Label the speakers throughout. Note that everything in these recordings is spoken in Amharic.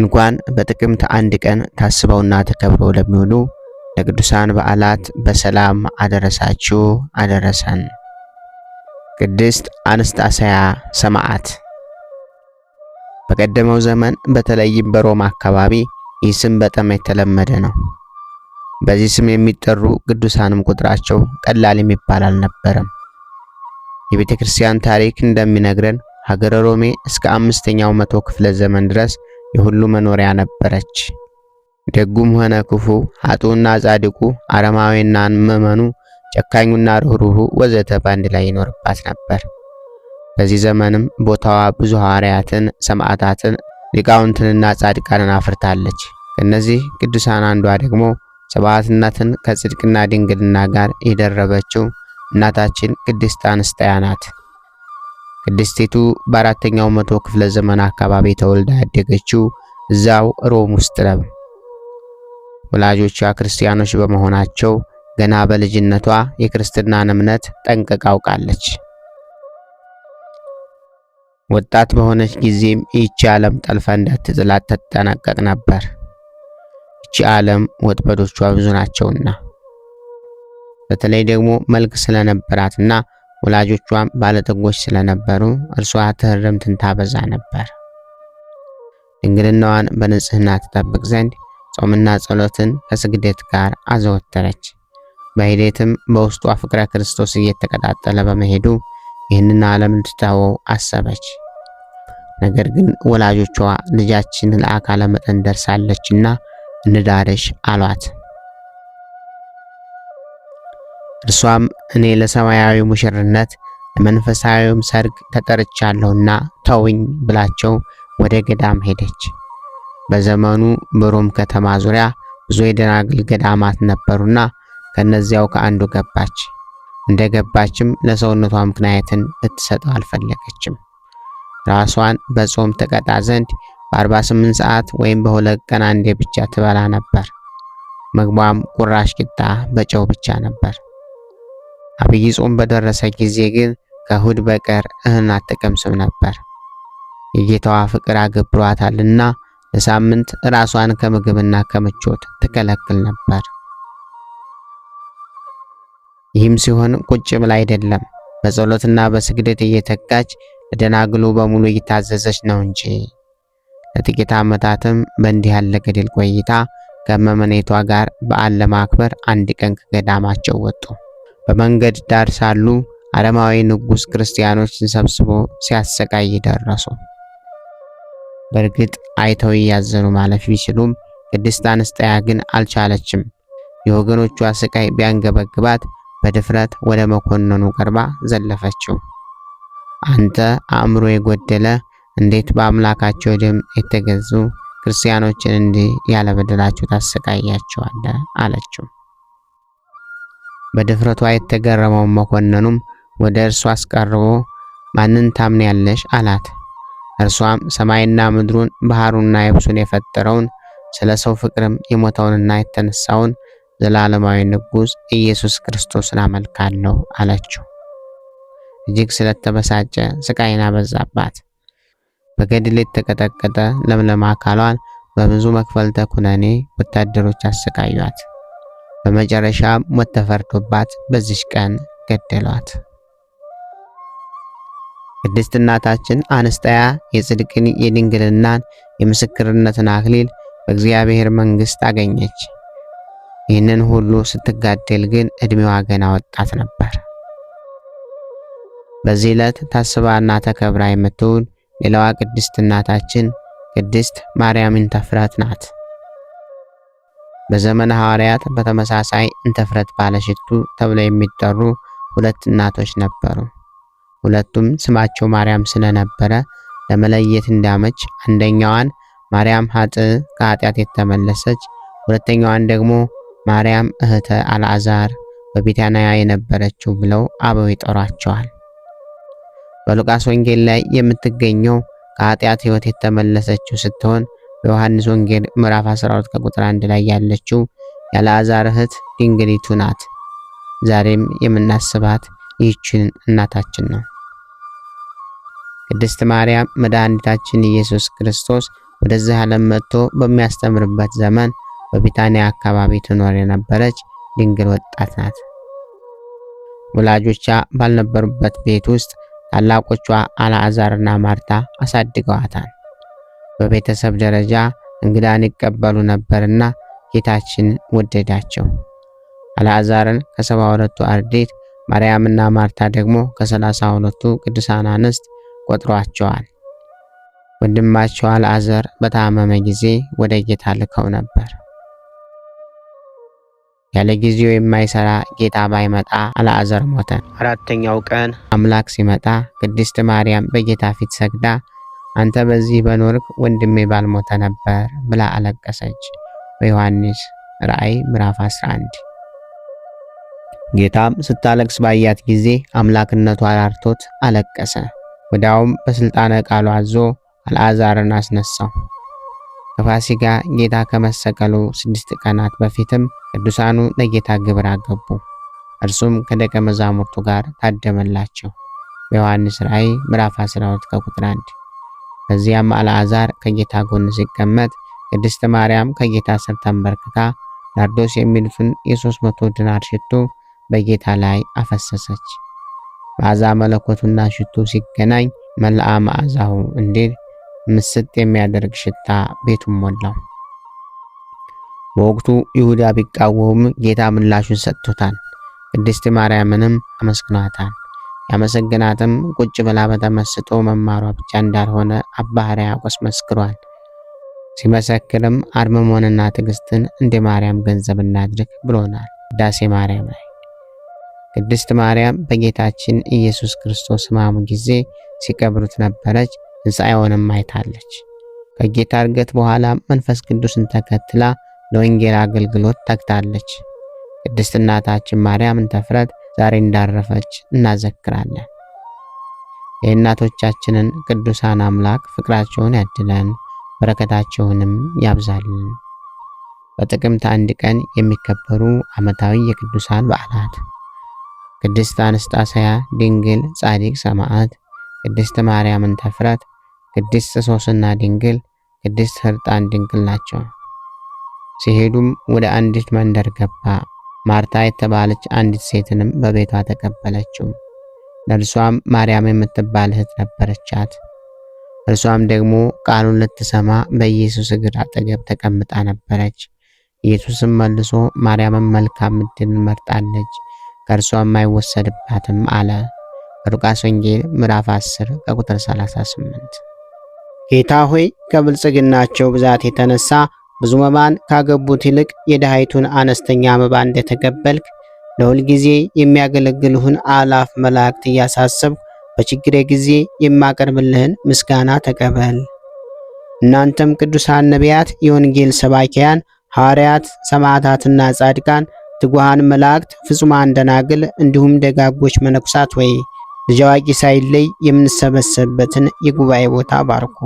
Speaker 1: እንኳን በጥቅምት አንድ ቀን ታስበውና ተከብረው ለሚውሉ ለቅዱሳን በዓላት በሰላም አደረሳችሁ አደረሰን። ቅድስት አንስጣስያ ሰማዕት። በቀደመው ዘመን በተለይም በሮማ አካባቢ ይህ ስም በጣም የተለመደ ነው። በዚህ ስም የሚጠሩ ቅዱሳንም ቁጥራቸው ቀላል የሚባል አልነበረም። የቤተ ክርስቲያን ታሪክ እንደሚነግረን ሀገረ ሮሜ እስከ አምስተኛው መቶ ክፍለ ዘመን ድረስ የሁሉ መኖሪያ ነበረች። ደጉም ሆነ ክፉ፣ አጡና ጻድቁ፣ አረማዊና ምዕመኑ፣ ጨካኙና ርኅሩኅ ወዘተ በአንድ ላይ ይኖርባት ነበር። በዚህ ዘመንም ቦታዋ ብዙ ሐዋርያትን፣ ሰማዕታትን፣ ሊቃውንትንና ጻድቃንን አፍርታለች። ከነዚህ ቅዱሳን አንዷ ደግሞ ሰማዕትነትን ከጽድቅና ድንግልና ጋር የደረበችው እናታችን ቅድስት አንስጣያ ናት። ቅድስቲቱ በአራተኛው መቶ ክፍለ ዘመን አካባቢ ተወልዳ ያደገችው እዛው ሮም ውስጥ ነው። ወላጆቿ ክርስቲያኖች በመሆናቸው ገና በልጅነቷ የክርስትናን እምነት ጠንቅቃ አውቃለች። ወጣት በሆነች ጊዜም ይቺ ዓለም ጠልፋ እንዳትጥላት ትጠነቀቅ ነበር። ይቺ ዓለም ወጥመዶቿ ብዙ ናቸውና በተለይ ደግሞ መልክ ስለነበራትና ወላጆቿም ባለጠጎች ስለነበሩ እርሷ ትህርምትን ታበዛ ነበር። ድንግልናዋን በንጽህና ትጠብቅ ዘንድ ጾምና ጸሎትን ከስግደት ጋር አዘወተረች። በሂደትም በውስጧ ፍቅረ ክርስቶስ እየተቀጣጠለ በመሄዱ ይህንን ዓለም ልትተወው አሰበች። ነገር ግን ወላጆቿ ልጃችን ለአካለ መጠን ደርሳለችና እንዳርሽ አሏት። እርሷም እኔ ለሰማያዊ ሙሽርነት ለመንፈሳዊም ሰርግ ተጠርቻለሁና ተውኝ ብላቸው ወደ ገዳም ሄደች። በዘመኑ በሮም ከተማ ዙሪያ ብዙ የደናግል ገዳማት ነበሩና ከነዚያው ከአንዱ ገባች። እንደ ገባችም ለሰውነቷ ምክንያትን ልትሰጠው አልፈለገችም። ራሷን በጾም ትቀጣ ዘንድ በ48 ሰዓት ወይም በሁለት ቀን አንዴ ብቻ ትበላ ነበር። ምግቧም ቁራሽ ቂጣ በጨው ብቻ ነበር። አብይ ጾም በደረሰ ጊዜ ግን ከእሁድ በቀር እህን አትቀምስም ነበር። የጌታዋ ፍቅር አገብሯታልና ለሳምንት ራሷን ከምግብና ከምቾት ትከለክል ነበር። ይህም ሲሆን ቁጭ ብላ አይደለም፣ በጸሎትና በስግደት እየተጋች ለደናግሉ በሙሉ እየታዘዘች ነው እንጂ። ለጥቂት ዓመታትም በእንዲህ ያለ ገድል ቆይታ ከመመኔቷ ጋር በዓል ለማክበር አንድ ቀን ከገዳማቸው ወጡ። በመንገድ ዳር ሳሉ አረማዊ ንጉሥ ክርስቲያኖችን ሰብስቦ ሲያሰቃይ ደረሱ። በእርግጥ አይተው እያዘኑ ማለፍ ቢችሉም ቅድስት አንስጣያ ግን አልቻለችም። የወገኖቿ ስቃይ ቢያንገበግባት በድፍረት ወደ መኮንኑ ቀርባ ዘለፈችው። አንተ አእምሮ የጎደለ እንዴት በአምላካቸው ደም የተገዙ ክርስቲያኖችን እንዲህ ያለ በደላቸው ታሰቃያቸዋለህ? አለችው። በድፍረቷ የተገረመው መኮንኑም ወደ እርሷ አስቀርቦ ማንን ታምንያለሽ አላት። እርሷም ሰማይና ምድሩን ባህሩና የብሱን የፈጠረውን ስለ ሰው ፍቅርም የሞተውንና የተነሳውን ዘላለማዊ ንጉሥ ኢየሱስ ክርስቶስን አመልካለሁ አለችው። እጅግ ስለተበሳጨ ስቃይን አበዛባት። በገድል የተቀጠቀጠ ለምለም አካሏን በብዙ መክፈልተ ኩነኔ ወታደሮች አሰቃዩአት። በመጨረሻ ሞት ተፈርዶባት በዚች ቀን ገደሏት። ቅድስት እናታችን አንስጣያ የጽድቅን የድንግልናን የምስክርነትን አክሊል በእግዚአብሔር መንግሥት አገኘች። ይህንን ሁሉ ስትጋደል ግን ዕድሜዋ ገና ወጣት ነበር። በዚህ ዕለት ታስባና ተከብራ የምትውል ሌላዋ ቅድስት እናታችን ቅድስት ማርያም ኢንተፍረት ናት። በዘመነ ሐዋርያት በተመሳሳይ እንተፍረት ባለሽቱ ተብለው የሚጠሩ ሁለት እናቶች ነበሩ። ሁለቱም ስማቸው ማርያም ስለነበረ ለመለየት እንዳመች አንደኛዋን ማርያም ሀጥ ከኃጢአት የተመለሰች ሁለተኛዋን ደግሞ ማርያም እህተ አልዓዛር በቢታንያ የነበረችው ብለው አበው ይጠሯቸዋል። በሉቃስ ወንጌል ላይ የምትገኘው ከኃጢአት ሕይወት የተመለሰችው ስትሆን በዮሐንስ ወንጌል ምዕራፍ 12 ከቁጥር 1 ላይ ያለችው ያለአዛር እህት ድንግሊቱ ናት። ዛሬም የምናስባት ይህችን እናታችን ነው። ቅድስት ማርያም መድኃኒታችን ኢየሱስ ክርስቶስ ወደዚህ ዓለም መጥቶ በሚያስተምርበት ዘመን በቢታንያ አካባቢ ትኖር የነበረች ድንግል ወጣት ናት። ወላጆቿ ባልነበሩበት ቤት ውስጥ ታላቆቿ አልዓዛርና ማርታ አሳድገዋታል። በቤተሰብ ደረጃ እንግዳን ይቀበሉ ነበርና ጌታችን ወደዳቸው። አልዓዛርን ከሰባ ሁለቱ አርዴት ማርያምና ማርታ ደግሞ ከሰላሳ ሁለቱ ቅዱሳን አንስት ቆጥሯቸዋል። ወንድማቸው አልዓዛር በታመመ ጊዜ ወደ ጌታ ልከው ነበር። ያለ ጊዜው የማይሰራ ጌታ ባይመጣ አልዓዛር ሞተ።
Speaker 2: አራተኛው ቀን
Speaker 1: አምላክ ሲመጣ ቅድስት ማርያም በጌታ ፊት ሰግዳ አንተ በዚህ በኖርክ ወንድሜ ባልሞተ ነበር ብላ አለቀሰች። በዮሐንስ ራእይ ምዕራፍ 11 ጌታም ስታለቅስ ባያት ጊዜ አምላክነቱ አራርቶት አለቀሰ። ወዲያውም በስልጣነ ቃሉ አዞ አልዓዛርን አስነሳው። ከፋሲጋ ጌታ ከመሰቀሉ ስድስት ቀናት በፊትም ቅዱሳኑ ለጌታ ግብር አገቡ። እርሱም ከደቀ መዛሙርቱ ጋር ታደመላቸው። በዮሐንስ ራእይ ምዕራፍ 12 ከቁጥር 1 ከዚያም አልዓዛር ከጌታ ጎን ሲቀመጥ ቅድስት ማርያም ከጌታ ስር ተንበርክካ ናርዶስ የሚሉትን የሶስት መቶ ድናር ሽቱ በጌታ ላይ አፈሰሰች። መዓዛ መለኮቱና ሽቱ ሲገናኝ መልአ መዓዛሁ እንዲል ምስጥ የሚያደርግ ሽታ ቤቱን ሞላው። በወቅቱ ይሁዳ ቢቃወሙም ጌታ ምላሹን ሰጥቶታል። ቅድስት ማርያምንም አመስግኗታል። ያመሰግናትም ቁጭ ብላ በተመስጦ መማሯ ብቻ እንዳልሆነ አባ ሕርያቆስ መስክሯል። ሲመሰክርም አርምሞንና ትዕግስትን እንደ ማርያም ገንዘብ እናድርግ ብሎናል ዳሴ ማርያም ላይ። ቅድስት ማርያም በጌታችን ኢየሱስ ክርስቶስ ሕማሙ ጊዜ ሲቀብሩት ነበረች፣ ትንሣኤውንም አይታለች። ከጌታ እርገት በኋላ መንፈስ ቅዱስን ተከትላ ለወንጌል አገልግሎት ተግታለች። ቅድስት እናታችን ማርያም እንተፍረት ዛሬ እንዳረፈች እናዘክራለን። የእናቶቻችንን ቅዱሳን አምላክ ፍቅራቸውን ያድለን፣ በረከታቸውንም ያብዛልን። በጥቅምት አንድ ቀን የሚከበሩ ዓመታዊ የቅዱሳን በዓላት ቅድስት አንስጣስያ ድንግል ጻድቅ ሰማዕት፣ ቅድስት ማርያምን ተፍረት፣ ቅድስት ሶስና ድንግል፣ ቅድስት ሕርጣን ድንግል ናቸው። ሲሄዱም ወደ አንዲት መንደር ገባ። ማርታ የተባለች አንዲት ሴትንም በቤቷ ተቀበለችው። ለእርሷም ማርያም የምትባል እህት ነበረቻት። እርሷም ደግሞ ቃሉን ልትሰማ በኢየሱስ እግር አጠገብ ተቀምጣ ነበረች። ኢየሱስም መልሶ ማርያምን መልካም እድል መርጣለች፣ ከእርሷም አይወሰድባትም አለ። ሉቃስ ወንጌል ምዕራፍ 10 ከቁጥር 38። ጌታ ሆይ ከብልጽግናቸው ብዛት የተነሳ ብዙ መባን ካገቡት ይልቅ የድሃይቱን አነስተኛ መባ እንደተቀበልክ ለሁልጊዜ የሚያገለግልህን አላፍ መላእክት እያሳሰብኩ በችግሬ ጊዜ የማቀርብልህን ምስጋና ተቀበል። እናንተም ቅዱሳን ነቢያት፣ የወንጌል ሰባኪያን ሐዋርያት፣ ሰማዕታትና ጻድቃን፣ ትጉሃን መላእክት፣ ፍጹማን ደናግል እንዲሁም ደጋጎች መነኩሳት ወይ ልጅ አዋቂ ሳይለይ የምንሰበሰብበትን የጉባኤ ቦታ ባርኩ።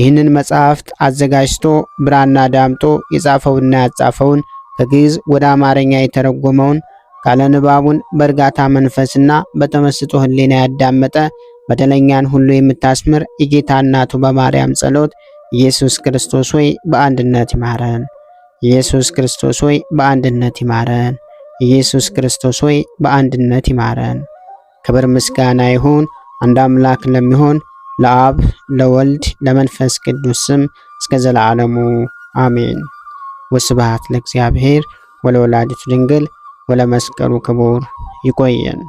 Speaker 1: ይህንን መጽሐፍት አዘጋጅቶ ብራና ዳምጦ የጻፈውና ያጻፈውን ከግዕዝ ወደ አማርኛ የተረጎመውን ቃለ ንባቡን በእርጋታ መንፈስና በተመስጦ ሕሊና ያዳመጠ በደለኛን ሁሉ የምታስምር የጌታ እናቱ በማርያም ጸሎት ኢየሱስ ክርስቶስ ሆይ በአንድነት ይማረን። ኢየሱስ ክርስቶስ ሆይ በአንድነት ይማረን። ኢየሱስ ክርስቶስ ሆይ በአንድነት ይማረን። ክብር ምስጋና ይሁን አንድ አምላክ ለሚሆን ለአብ ለወልድ ለመንፈስ ቅዱስ ስም እስከ ዘለዓለሙ አሜን። ወስብሐት ለእግዚአብሔር ወለወላዲቱ ድንግል ወለመስቀሉ ክቡር። ይቆየን።